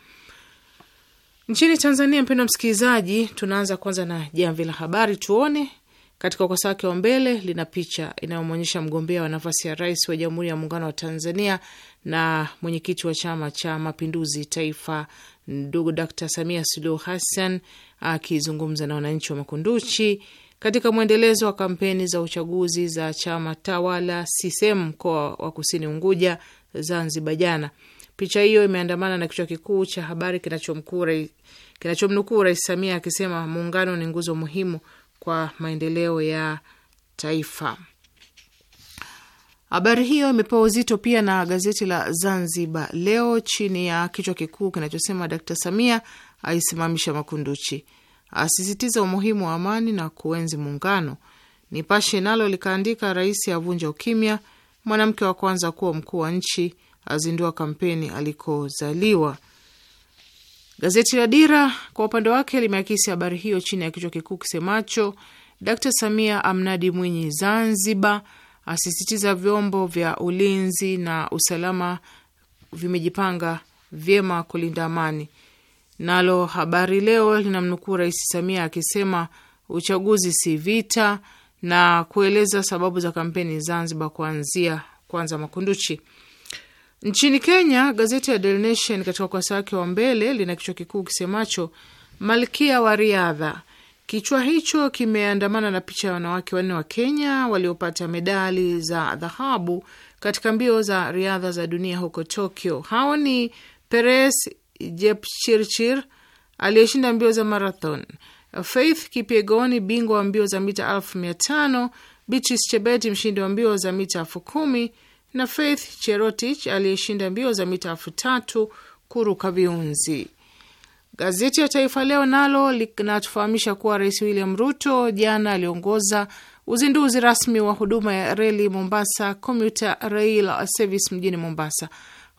nchini Tanzania. Mpendo msikilizaji, tunaanza kwanza na jamvi la habari. Tuone katika ukurasa wake wa mbele lina picha inayomwonyesha mgombea wa nafasi ya rais wa Jamhuri ya Muungano wa Tanzania na mwenyekiti wa Chama cha Mapinduzi Taifa, ndugu d Samia Suluhu Hassan akizungumza na wananchi wa Makunduchi katika mwendelezo wa kampeni za uchaguzi za chama tawala CCM e mkoa wa Kusini Unguja, Zanzibar jana. Picha hiyo imeandamana na kichwa kikuu cha habari kinachomnukuu Rais Samia akisema muungano ni nguzo muhimu kwa maendeleo ya taifa. Habari hiyo imepewa uzito pia na gazeti la Zanzibar Leo chini ya kichwa kikuu kinachosema Dkt Samia aisimamisha Makunduchi asisitiza umuhimu wa amani na kuenzi muungano. Nipashe nalo likaandika, rais avunja ukimya, mwanamke wa kwanza kuwa mkuu wa nchi azindua kampeni alikozaliwa. Gazeti la Dira kwa upande wake limeakisi habari hiyo chini ya kichwa kikuu kisemacho Dkt Samia amnadi Mwinyi Zanzibar, asisitiza vyombo vya ulinzi na usalama vimejipanga vyema kulinda amani. Nalo Habari Leo linamnukuu Rais Samia akisema uchaguzi si vita, na kueleza sababu za kampeni Zanzibar kuanzia kwanza Makunduchi. Nchini Kenya, gazeti ya Daily Nation katika ukurasa wake wa mbele lina kichwa kikuu kisemacho malkia wa riadha. Kichwa hicho kimeandamana na picha ya wanawake wanne wa Kenya waliopata medali za dhahabu katika mbio za riadha za dunia huko Tokyo. Hao ni Peres Jepchirchir aliyeshinda mbio za marathon, Faith kipegoni bingwa wa mbio za mita elfu mia tano, Beatrice Chebet mshindi wa mbio za mita elfu kumi na Faith Cherotich aliyeshinda mbio za mita elfu tatu kuruka viunzi. Gazeti ya Taifa Leo nalo linatufahamisha kuwa Rais William Ruto jana aliongoza uzinduzi rasmi wa huduma ya reli Mombasa, commuter rail service mjini Mombasa.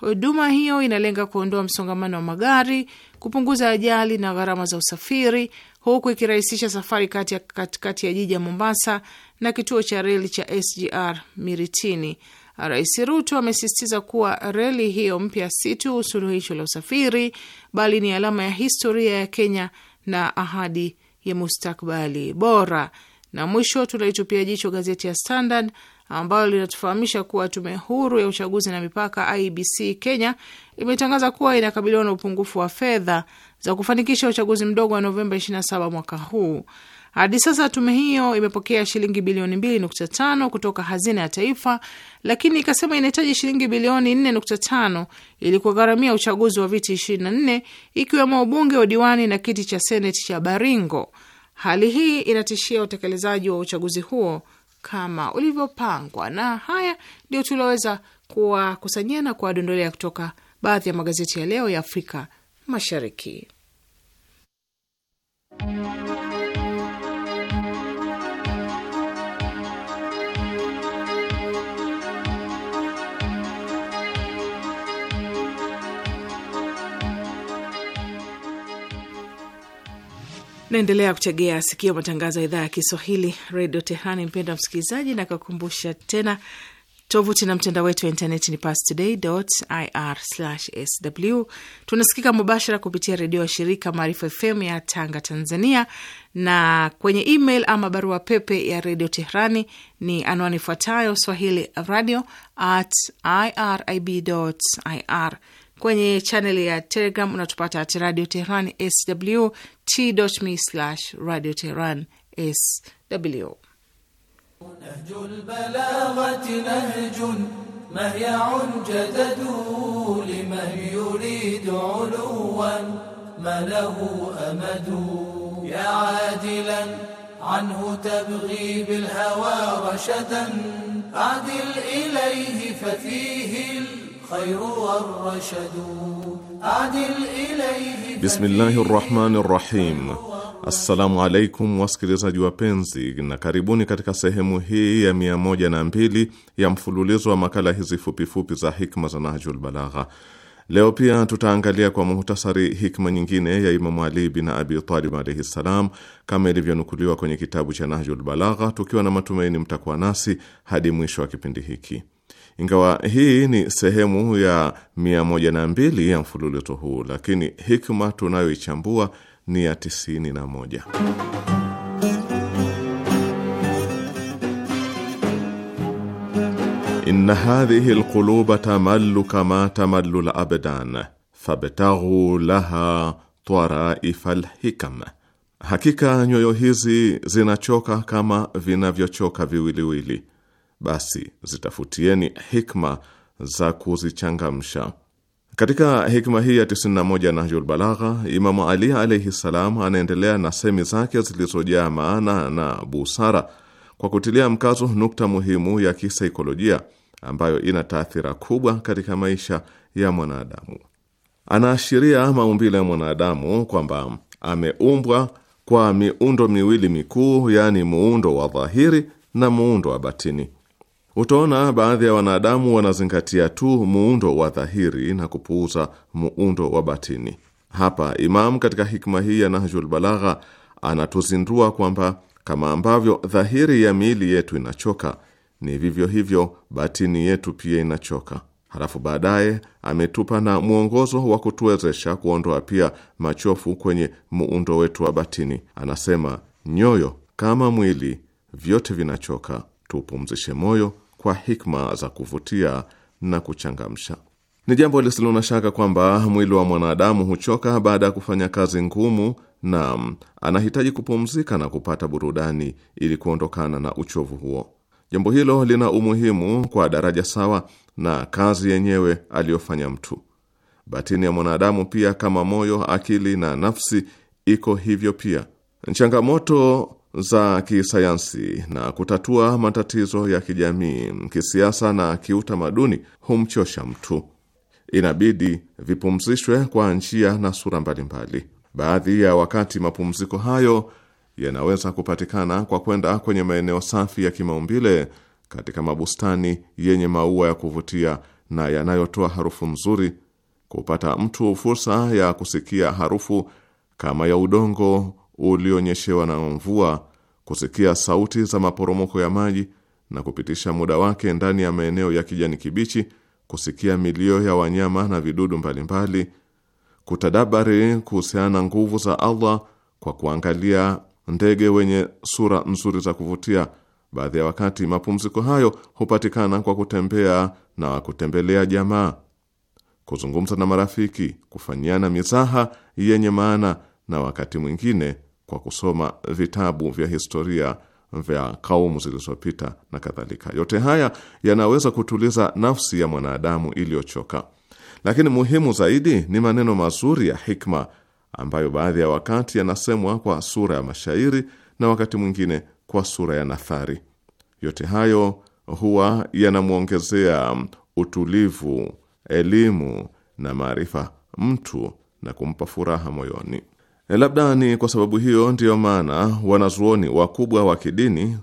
Huduma hiyo inalenga kuondoa msongamano wa magari, kupunguza ajali na gharama za usafiri, huku ikirahisisha safari kati ya katikati ya jiji ya Mombasa na kituo cha reli cha SGR Miritini. Rais Ruto amesisitiza kuwa reli hiyo mpya si tu suluhisho la usafiri, bali ni alama ya historia ya Kenya na ahadi ya mustakbali bora. Na mwisho tunaitupia jicho gazeti ya Standard ambalo linatufahamisha kuwa tume huru ya uchaguzi na mipaka IBC Kenya imetangaza kuwa inakabiliwa na upungufu wa fedha za kufanikisha uchaguzi mdogo wa Novemba 27 mwaka huu. Hadi sasa tume hiyo imepokea shilingi bilioni 2.5 kutoka hazina ya taifa, lakini ikasema inahitaji shilingi bilioni 4.5 ili kugharamia uchaguzi wa viti 24 ikiwemo ubunge, wa diwani na kiti cha seneti cha Baringo. Hali hii inatishia utekelezaji wa uchaguzi huo kama ulivyopangwa. Na haya ndio tulioweza kuwakusanyia na kuwadondolea kutoka baadhi ya magazeti ya leo ya Afrika Mashariki. Naendelea kutegea sikio matangazo ya idhaa ya Kiswahili redio Tehani, mpenda msikilizaji, na kakumbusha tena tovuti na mtandao wetu wa intaneti ni pastoday.ir/sw. Tunasikika mubashara kupitia redio ya shirika Maarifa FM ya Tanga, Tanzania, na kwenye email ama barua pepe ya redio Teherani ni anwani ifuatayo swahili radio at irib.ir. Kwenye chaneli ya Telegram unatupata at Radio Tehran sw t.me slash Radio Tehran sw نهج البلاغة نهج مهيع جدده لمن يريد علوا ما له أمد يا عادلا عنه تبغي بالهوى رشدا عدل إليه ففيه خير والرشد عدل إليه بسم الله الرحمن الرحيم Assalamu alaikum wasikilizaji wapenzi, na karibuni katika sehemu hii ya mia moja na mbili ya mfululizo wa makala hizi fupifupi za hikma za Nahjul Balagha. Leo pia tutaangalia kwa muhtasari hikma nyingine ya Imamu Ali bin Abi Talib alaihi ssalam, kama ilivyonukuliwa kwenye kitabu cha Nahjul Balagha, tukiwa na matumaini mtakuwa nasi hadi mwisho wa kipindi hiki. Ingawa hii ni sehemu ya mia moja na mbili ya mfululizo huu, lakini hikma tunayoichambua ni ya tisini na moja. Inna hadhihi lquluba tamallu kama tamallu labdan fabtaghu laha twaraifa lhikam, hakika nyoyo hizi zinachoka kama vinavyochoka viwiliwili basi zitafutieni hikma za kuzichangamsha. Katika hikma hii ya 91 Nahjul Balagha, Imamu Ali alaihi ssalam anaendelea na semi zake zilizojaa maana na busara kwa kutilia mkazo nukta muhimu ya kisaikolojia ambayo ina taathira kubwa katika maisha ya mwanadamu. Anaashiria maumbile ya mwanadamu kwamba ameumbwa kwa miundo miwili mikuu, yaani muundo wa dhahiri na muundo wa batini. Utaona baadhi ya wanadamu wanazingatia tu muundo wa dhahiri na kupuuza muundo wa batini. Hapa Imam katika hikma hii ya Nahjul Balagha anatuzindua kwamba kama ambavyo dhahiri ya miili yetu inachoka, ni vivyo hivyo batini yetu pia inachoka. Halafu baadaye ametupa na mwongozo wa kutuwezesha kuondoa pia machofu kwenye muundo wetu wa batini. Anasema nyoyo kama mwili vyote vinachoka tupumzishe moyo kwa hikma za kuvutia na kuchangamsha. Ni jambo lisilo na shaka kwamba mwili wa mwanadamu huchoka baada ya kufanya kazi ngumu na anahitaji kupumzika na kupata burudani ili kuondokana na uchovu huo. Jambo hilo lina umuhimu kwa daraja sawa na kazi yenyewe aliyofanya mtu. Batini ya mwanadamu pia, kama moyo, akili na nafsi, iko hivyo pia. Changamoto za kisayansi na kutatua matatizo ya kijamii, kisiasa na kiutamaduni humchosha mtu. Inabidi vipumzishwe kwa njia na sura mbalimbali. Baadhi ya wakati mapumziko hayo yanaweza kupatikana kwa kwenda kwenye maeneo safi ya kimaumbile katika mabustani yenye maua ya kuvutia na yanayotoa harufu nzuri, kupata mtu fursa ya kusikia harufu kama ya udongo ulionyeshewa na mvua, kusikia sauti za maporomoko ya maji na kupitisha muda wake ndani ya maeneo ya kijani kibichi, kusikia milio ya wanyama na vidudu mbalimbali, kutadabari kuhusiana na nguvu za Allah kwa kuangalia ndege wenye sura nzuri za kuvutia. Baadhi ya wakati mapumziko hayo hupatikana kwa kutembea na kutembelea jamaa, kuzungumza na marafiki, kufanyiana mizaha yenye maana, na wakati mwingine kwa kusoma vitabu vya historia vya kaumu zilizopita na kadhalika. Yote haya yanaweza kutuliza nafsi ya mwanadamu iliyochoka, lakini muhimu zaidi ni maneno mazuri ya hikma ambayo baadhi ya wakati yanasemwa kwa sura ya mashairi na wakati mwingine kwa sura ya nathari. Yote hayo huwa yanamwongezea utulivu, elimu na maarifa mtu na kumpa furaha moyoni. Eh, labda ni kwa sababu hiyo ndiyo maana wanazuoni wakubwa wa kidini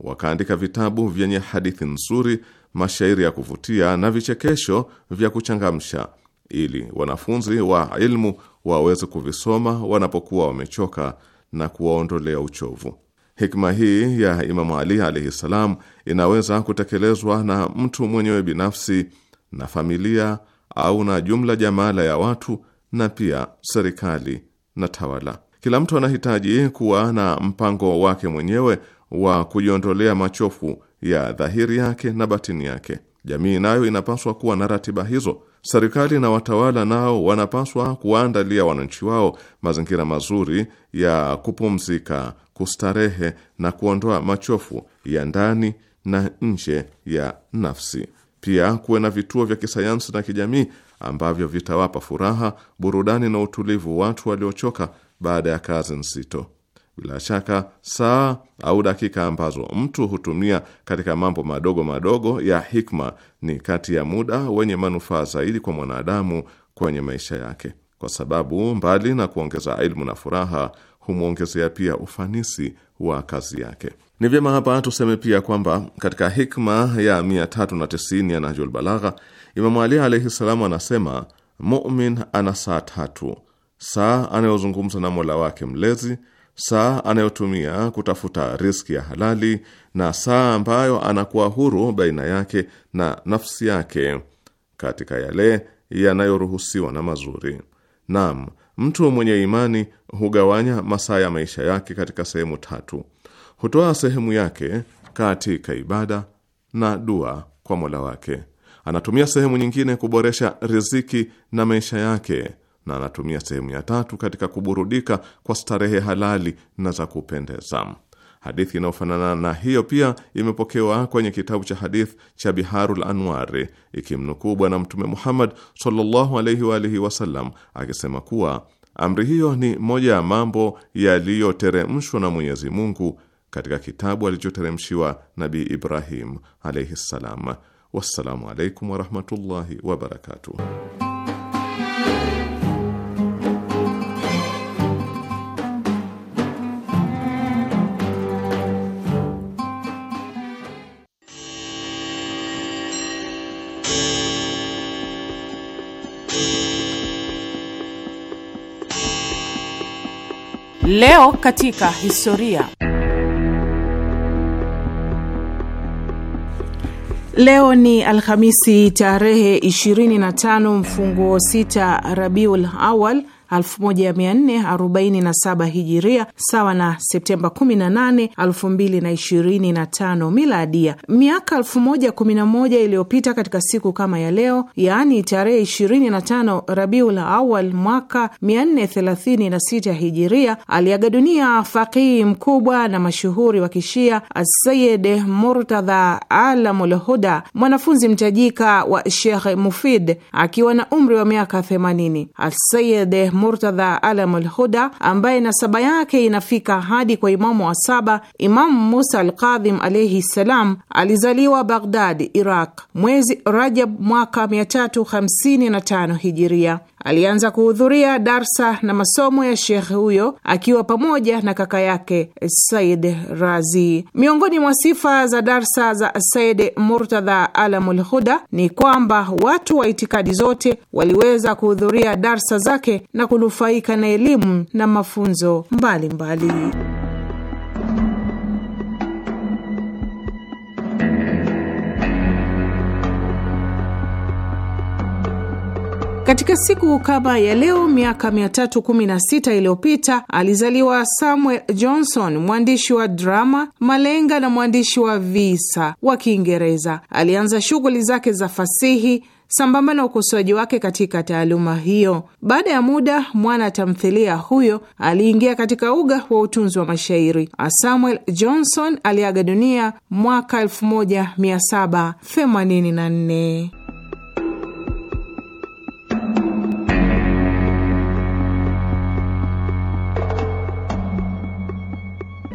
wakaandika vitabu vyenye hadithi nzuri, mashairi ya kuvutia na vichekesho vya kuchangamsha, ili wanafunzi wa ilmu waweze kuvisoma wanapokuwa wamechoka na kuwaondolea uchovu. Hikma hii ya Imamu Ali alaihi ssalam inaweza kutekelezwa na mtu mwenyewe binafsi na familia au na jumla jamala ya watu na pia serikali na tawala. Kila mtu anahitaji kuwa na mpango wake mwenyewe wa kujiondolea machofu ya dhahiri yake na batini yake. Jamii nayo inapaswa kuwa na ratiba hizo. Serikali na watawala nao wanapaswa kuwaandalia wananchi wao mazingira mazuri ya kupumzika, kustarehe na kuondoa machofu ya ndani na nje ya nafsi. Pia kuwe na vituo vya kisayansi na kijamii ambavyo vitawapa furaha, burudani na utulivu watu waliochoka baada ya kazi nzito. Bila shaka saa au dakika ambazo mtu hutumia katika mambo madogo madogo ya hikma ni kati ya muda wenye manufaa zaidi kwa mwanadamu kwenye maisha yake, kwa sababu mbali na kuongeza ilmu na furaha, humwongezea pia ufanisi wa kazi yake. Ni vyema hapa tuseme pia kwamba katika hikma ya 390 ya Nahjul Balagha Imamu Ali alaihi salamu anasema mumin ana saa tatu: saa anayozungumza na mola wake mlezi, saa anayotumia kutafuta riski ya halali, na saa ambayo anakuwa huru baina yake na nafsi yake katika yale yanayoruhusiwa na mazuri. Naam, mtu mwenye imani hugawanya masaa ya maisha yake katika sehemu tatu: hutoa sehemu yake katika ibada na dua kwa mola wake anatumia sehemu nyingine kuboresha riziki na maisha yake, na anatumia sehemu ya tatu katika kuburudika kwa starehe halali na za kupendeza. Hadithi inayofanana na hiyo pia imepokewa kwenye kitabu cha hadith cha Biharul Anwari ikimnukuu Bwana Mtume Muhammad sallallahu alaihi wa alihi wasallam akisema kuwa amri hiyo ni moja ya mambo yaliyoteremshwa na Mwenyezi Mungu katika kitabu alichoteremshiwa Nabii Ibrahim alaihi ssalam. Wassalamu alaikum warahmatullahi wabarakatuh. Leo katika historia. Leo ni Alhamisi tarehe 25 mfunguo 6 Rabiul Awal 1447 hijiria sawa na Septemba 18, 2025 miladia. Miaka 1011 iliyopita katika siku kama ya leo, yaani tarehe 25 Rabiul Awal mwaka 436 hijiria, aliaga dunia faqihi mkubwa na mashuhuri wa Kishia Asayid Murtadha Alamul Huda, mwanafunzi mtajika wa Shekh Mufid akiwa na umri wa miaka 80. Asayid Murtadha alam alhuda ambaye nasaba yake inafika hadi kwa imamu wa saba. Imamu Musa Alkadhim alaihi ssalam alizaliwa Baghdad, Iraq, mwezi Rajab mwaka 355 hijiria alianza kuhudhuria darsa na masomo ya shekhe huyo akiwa pamoja na kaka yake Said Razi. Miongoni mwa sifa za darsa za Said Murtadha Alamul Huda ni kwamba watu wa itikadi zote waliweza kuhudhuria darsa zake na kunufaika na elimu na mafunzo mbalimbali mbali. Katika siku kama ya leo miaka 316 iliyopita alizaliwa Samuel Johnson, mwandishi wa drama, malenga na mwandishi wa visa wa Kiingereza. Alianza shughuli zake za fasihi sambamba na ukosoaji wake katika taaluma hiyo. Baada ya muda, mwana tamthilia huyo aliingia katika uga wa utunzi wa mashairi. Samuel Johnson aliaga dunia mwaka 1784.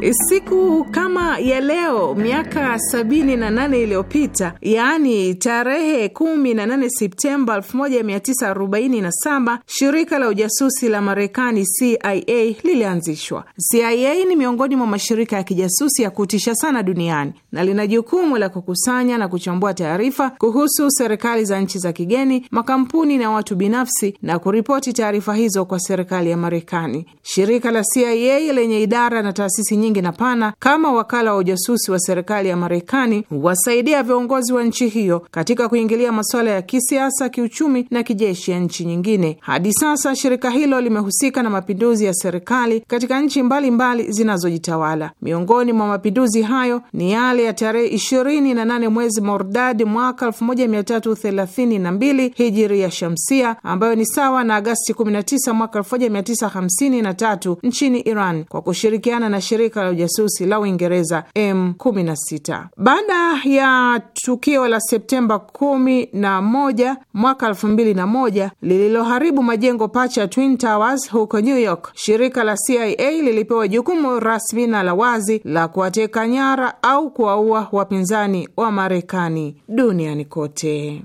Eh, siku kama ya leo miaka 78 iliyopita, yaani tarehe 18 Septemba 1947, shirika la ujasusi la Marekani CIA lilianzishwa. CIA ni miongoni mwa mashirika ya kijasusi ya kutisha sana duniani na lina jukumu la kukusanya na kuchambua taarifa kuhusu serikali za nchi za kigeni, makampuni na watu binafsi na kuripoti taarifa hizo kwa serikali ya Marekani. Shirika la CIA lenye idara na taasisi nyingi nyingi na pana kama wakala wa ujasusi wa serikali ya Marekani wasaidia viongozi wa nchi hiyo katika kuingilia masuala ya kisiasa, kiuchumi na kijeshi ya nchi nyingine. Hadi sasa shirika hilo limehusika na mapinduzi ya serikali katika nchi mbalimbali zinazojitawala. Miongoni mwa mapinduzi hayo ni yale ya tarehe ishirini na nane mwezi Mordadi mwaka 1332 hijiri ya shamsia ambayo ni sawa na Agasti 19 mwaka tatu nchini Iran kwa kushirikiana na shirika shirika la ujasusi la Uingereza M16. Baada ya tukio la Septemba 11 mwaka 2001 lililoharibu majengo pacha ya Twin Towers huko New York, shirika la CIA lilipewa jukumu rasmi na la wazi la kuwateka nyara au kuwaua wapinzani wa Marekani duniani kote.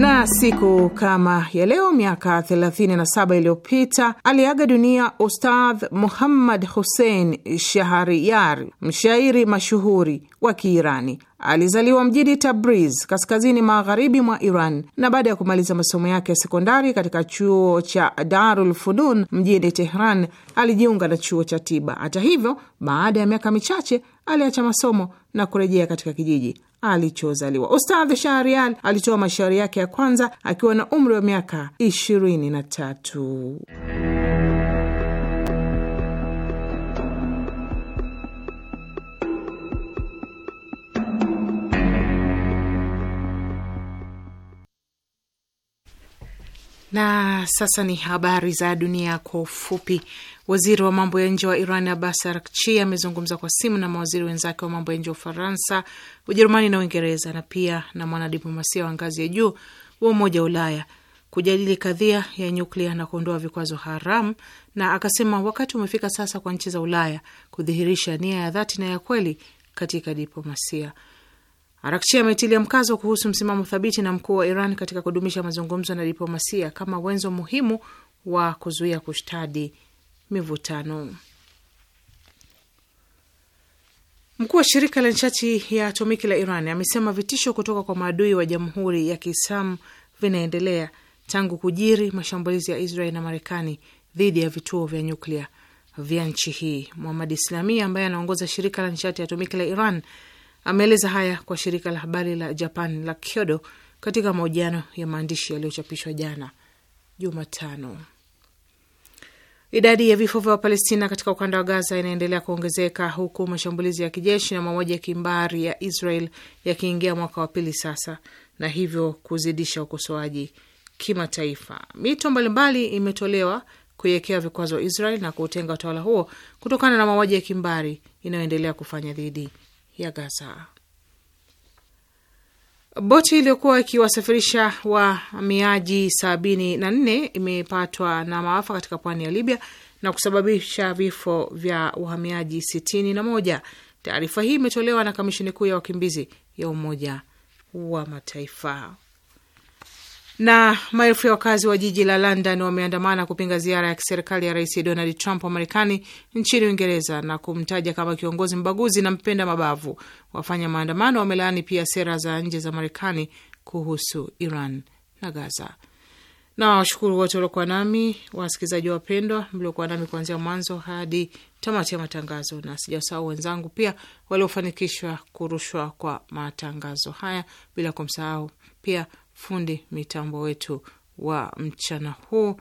Na siku kama ya leo miaka 37 iliyopita aliaga dunia Ustadh Muhammad Hussein Shahriyar, mshairi mashuhuri wa Kiirani. Alizaliwa mjini Tabriz, kaskazini magharibi mwa Iran, na baada ya kumaliza masomo yake ya sekondari katika chuo cha Darul Funun mjini Tehran, alijiunga na chuo cha tiba. Hata hivyo, baada ya miaka michache aliacha masomo na kurejea katika kijiji alichozaliwa. Ustadh Shahrial alitoa mashairi yake ya kwanza akiwa na umri wa miaka ishirini na tatu. Na sasa ni habari za dunia kwa ufupi. Waziri wa mambo ya nje wa Iran Abbas arakchi amezungumza kwa simu na mawaziri wenzake wa mambo ya nje wa Ufaransa, Ujerumani na Uingereza na pia na mwanadiplomasia wa ngazi ya juu wa Umoja wa Ulaya kujadili kadhia ya nyuklia na kuondoa vikwazo haramu, na akasema wakati umefika sasa kwa nchi za Ulaya kudhihirisha nia ya dhati na ya kweli katika diplomasia. Arakchi ametilia mkazo kuhusu msimamo thabiti na mkuu wa Iran katika kudumisha mazungumzo na diplomasia kama wenzo muhimu wa kuzuia kushtadi mivutano. Mkuu wa shirika la nishati ya atomiki la Iran amesema vitisho kutoka kwa maadui wa jamhuri ya Kiislamu vinaendelea tangu kujiri mashambulizi ya Israel na Marekani dhidi ya vituo vya nyuklia vya nchi hii. Muhamad Islamia ambaye anaongoza shirika la nishati ya atomiki la Iran Ameeleza haya kwa shirika la habari la Japan la Kyodo katika mahojiano ya maandishi yaliyochapishwa jana Jumatano. Idadi ya vifo vya Wapalestina katika ukanda wa Gaza inaendelea kuongezeka huku mashambulizi ya kijeshi na mauaji ya kimbari ya Israel yakiingia mwaka wa pili sasa, na hivyo kuzidisha ukosoaji kimataifa. Mito mbalimbali imetolewa kuiwekea vikwazo Israel na kuutenga utawala huo kutokana na mauaji ya kimbari inayoendelea kufanya dhidi ya Gaza. Boti iliyokuwa ikiwasafirisha wahamiaji sabini na nne imepatwa na maafa katika pwani ya Libya na kusababisha vifo vya wahamiaji sitini na moja. Taarifa hii imetolewa na kamishini kuu ya wakimbizi ya Umoja wa Mataifa. Na maelfu ya wakazi wa jiji la London wameandamana kupinga ziara ya kiserikali ya Rais Donald Trump wa Marekani nchini Uingereza na kumtaja kama kiongozi mbaguzi na mpenda mabavu. Wafanya maandamano wamelaani pia sera za nje za Marekani kuhusu Iran na Gaza. Na washukuru wote waliokuwa nami, wasikilizaji wapendwa, mliokuwa nami kuanzia mwanzo hadi tamati ya matangazo, na sijasahau wenzangu pia waliofanikishwa kurushwa kwa matangazo haya, bila kumsahau pia fundi mitambo wetu wa mchana huu,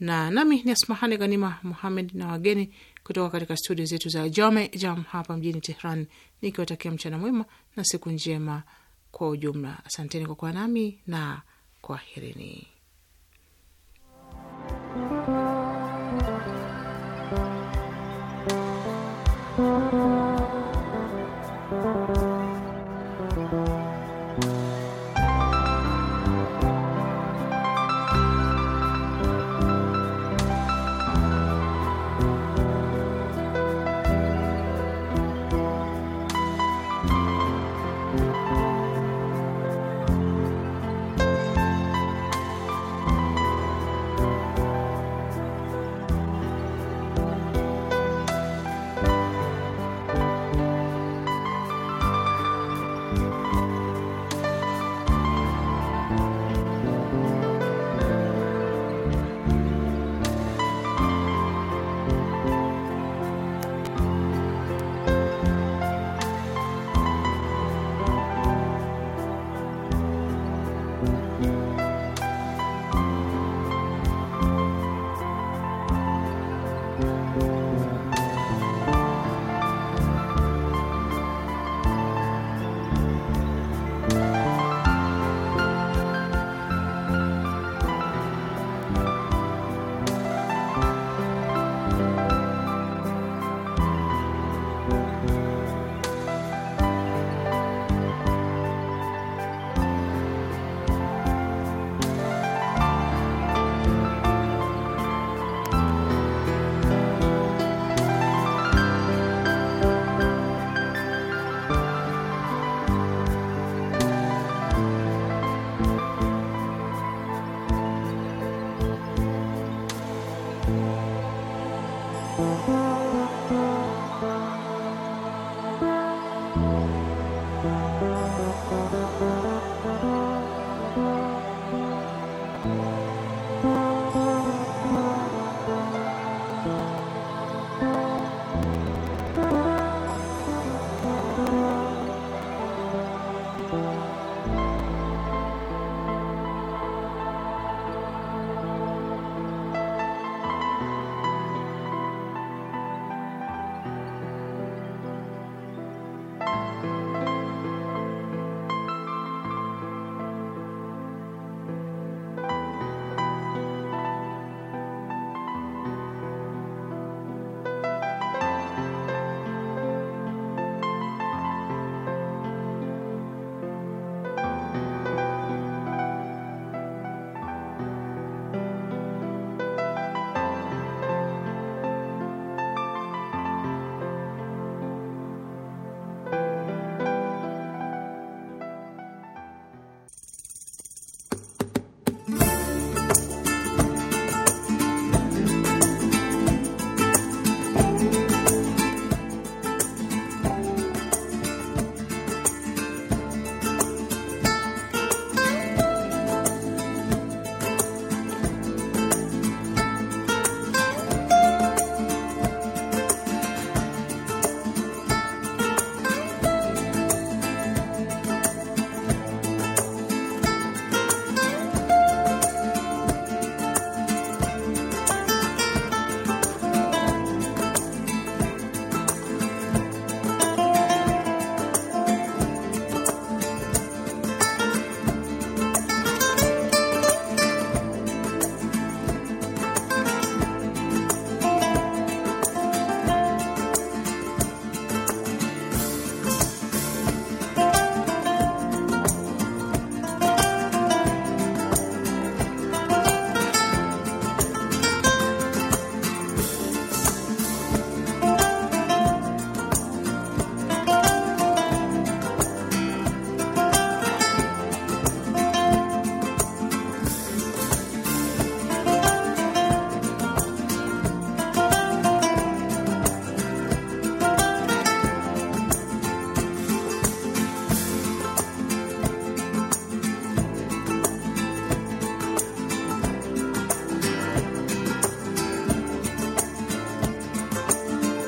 na nami ni Asmahani Ghanima Muhamed na wageni kutoka katika studio zetu za Jame Jam hapa mjini Tehran, nikiwatakia mchana mwema na siku njema kwa ujumla. Asanteni kwa kuwa nami na kwaherini.